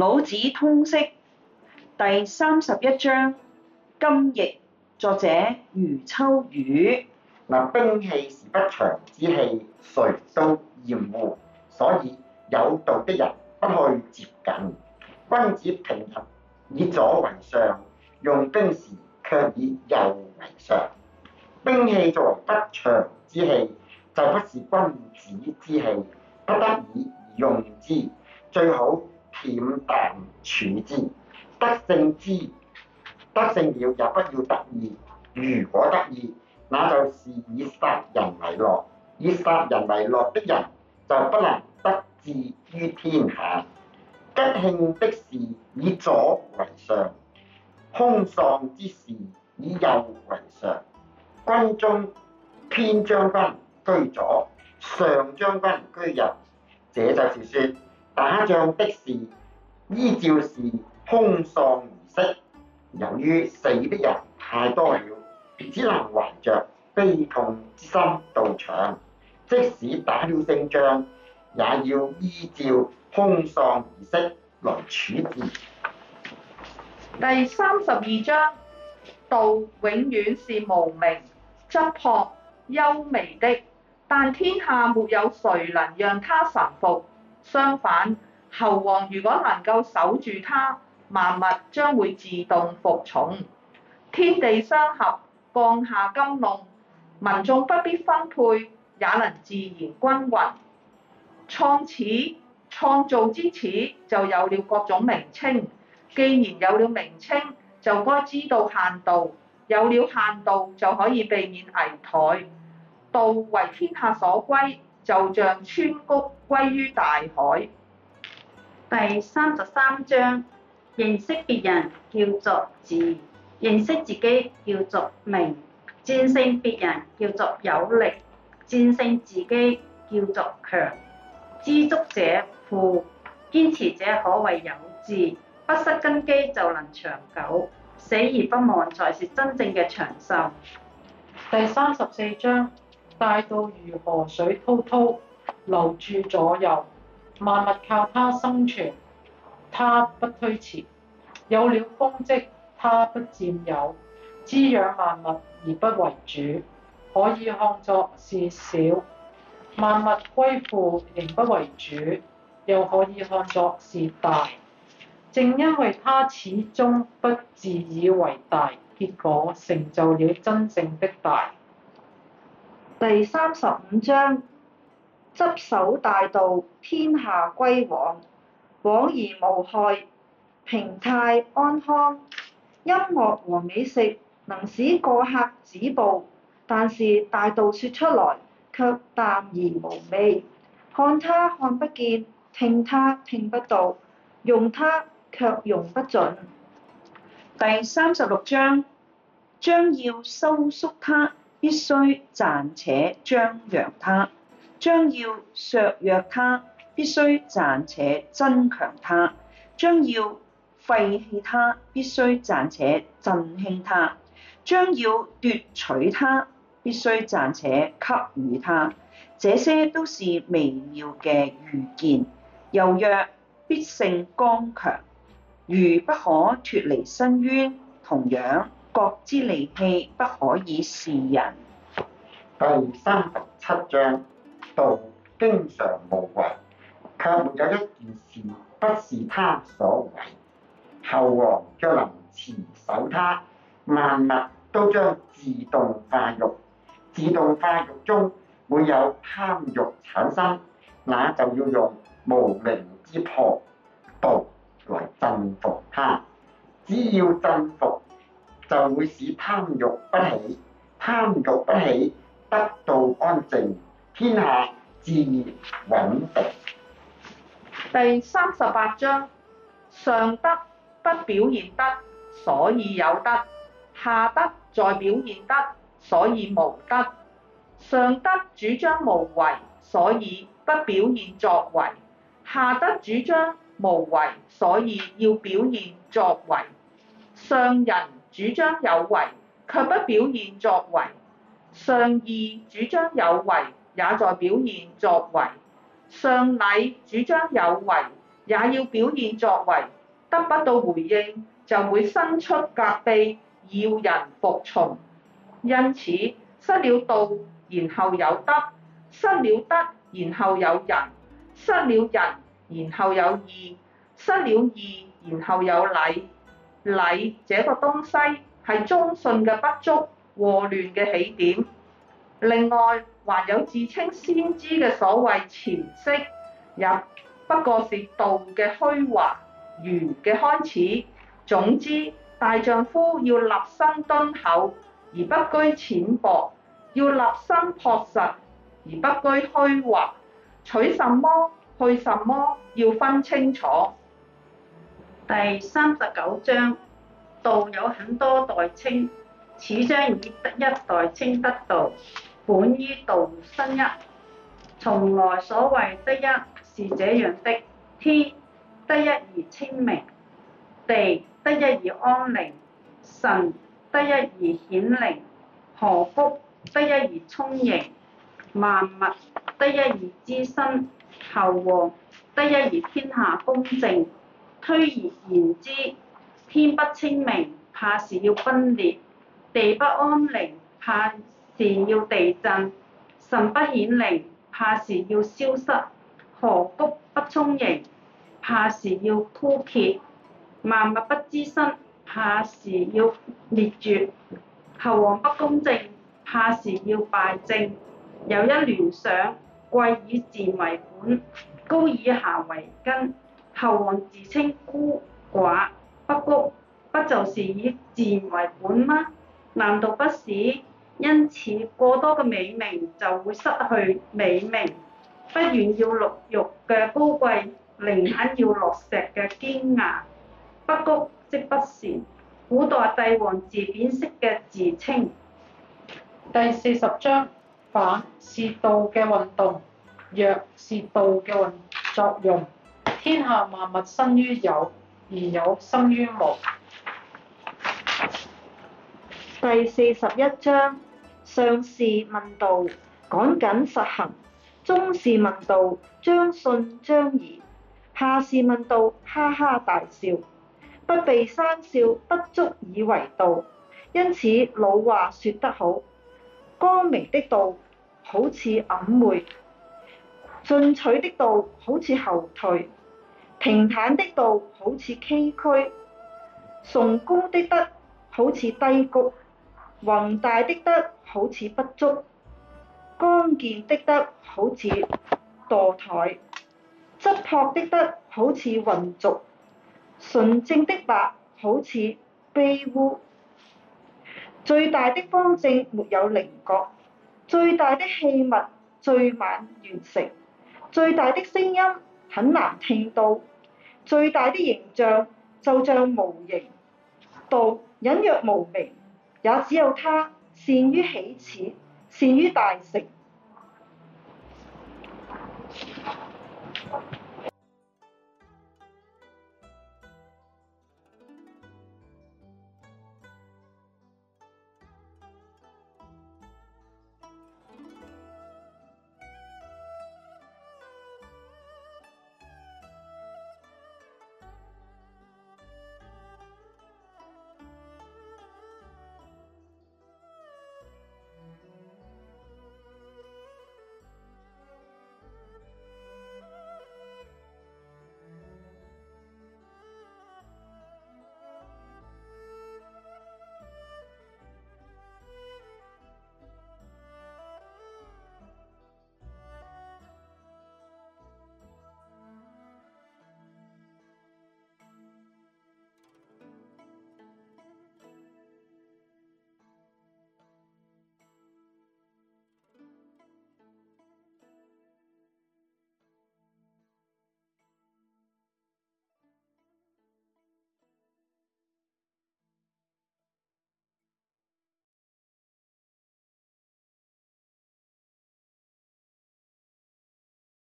老子通釋第三十一章，今譯作者余秋雨。嗱、呃，兵器是不祥之器，誰都厭惡，所以有道的人不去接近。君子平時以左為上，用兵時卻以右為上。兵器作為不祥之器，就不是君子之器，不得已而用之，最好，恬淡處之，得勝之得勝了也不要得意，如果得意，那就是以殺人為樂，以殺人為樂的人就不能得志於天下。吉慶的事以左為上，凶喪之事以右為上。軍中偏將軍居左，上將軍居右，這就是說。打仗的事，依照是空喪儀式。由於死的人太多了，便只能懷着悲痛之心到場。即使打了勝仗，也要依照空喪儀式來處置。第三十二章，道永遠是無名、質樸、幽微的，但天下沒有誰能讓他臣服。相反，侯王如果能夠守住他，萬物將會自動服從，天地相合，降下金龍，民眾不必分配也能自然均勻。創始創造之始就有了各種名稱，既然有了名稱，就該知道限度，有了限度就可以避免危殆，道為天下所歸。就像川谷歸於大海。第三十三章：認識別人叫做智，認識自己叫做明。戰勝別人叫做有力，戰勝自己叫做強。知足者富，堅持者可謂有志。不失根基就能長久。死而不亡，才是真正嘅長壽。第三十四章。大道如河水滔滔，流注左右，萬物靠它生存，它不推辭；有了功績，它不佔有，滋養萬物而不為主，可以看作是小；萬物歸附仍不為主，又可以看作是大。正因為它始終不自以為大，結果成就了真正的大。第三十五章，執守大道，天下歸往，往而無害，平泰安康。音樂和美食能使過客止步，但是大道說出來卻淡而無味，看他，看不見；聽他，聽不到，用他，卻用不準。第三十六章，將要收縮他。必須暫且張揚他，將要削弱他，必須暫且增強他；將要廢棄他，必須暫且振興他；將要奪取他，必須暫且給予他。這些都是微妙嘅預見。柔弱必勝剛強，如不可脱離深淵，同樣。國之利器，不可以示人。第三十七章：道經常無為，卻沒有一件事不是他所為。後王若能持守他，萬物都將自動化育。自動化育中會有貪欲產生，那就要用無名之樸道來鎮服他。只要鎮服。就會使貪欲不起，貪欲不起，得到安靜，天下自然穩定。第三十八章：上德不表現德，所以有德；下德在表現德，所以無德。上德主張無為，所以不表現作為；下德主張無為，所以要表現作為。上人。主張有為，卻不表現作為；上義主張有為，也在表現作為；上禮主張有為，也要表現作為。得不到回應，就會伸出胳臂要人服從。因此，失了道，然後有德；失了德，然後有人；失了人，然後有義；失了義，然後有禮。禮這個東西係忠信嘅不足，禍亂嘅起點。另外，還有自稱先知嘅所謂前識也不過是道嘅虛華，愚嘅開始。總之，大丈夫要立身敦厚，而不居淺薄；要立身樸實，而不居虛華。取什麼，去什麼，要分清楚。第三十九章，道有很多代稱，此章以得一代稱得道，本於道生一。從來所謂得一是這樣的，天得一而清明，地得一而安寧，神得一而顯靈，河谷得一而充盈，萬物得一而滋生，侯王得一而天下公正。推而言之，天不清明，怕是要崩裂；地不安寧，怕是要地震；神不顯靈，怕是要消失；河谷不充盈，怕是要枯竭；萬物不滋生，怕是要滅絕，侯王不公正，怕是要敗政。有一聯想，貴以賤為本，高以下為根。侯王自稱孤寡不穀，不就是以自然為本嗎？難道不是？因此過多嘅美名就會失去美名，不願要綠玉嘅高貴，寧肯要落石嘅堅硬。不穀，即不善，古代帝王自貶式嘅自稱。第四十章，反是道嘅運動，弱是道嘅運作用。天下萬物生於有，而有生於無。第四十一章：上士問道，趕緊實行；中士問道，將信將疑；下士問道，哈哈大笑。不被訕笑，不足以為道。因此老話說得好：光明的道好似暗昧，進取的道好似後退。平坦的道好似崎嶇，崇高的德好似低谷，宏大的德好似不足，剛健的德好似墮台，質樸的德好似混濁，純正的白好似卑污。最大的方正沒有棱角，最大的器物最晚完成，最大的聲音很難聽到。最大的形象就像無形，道隱約無名，也只有他善於起始，善於大成。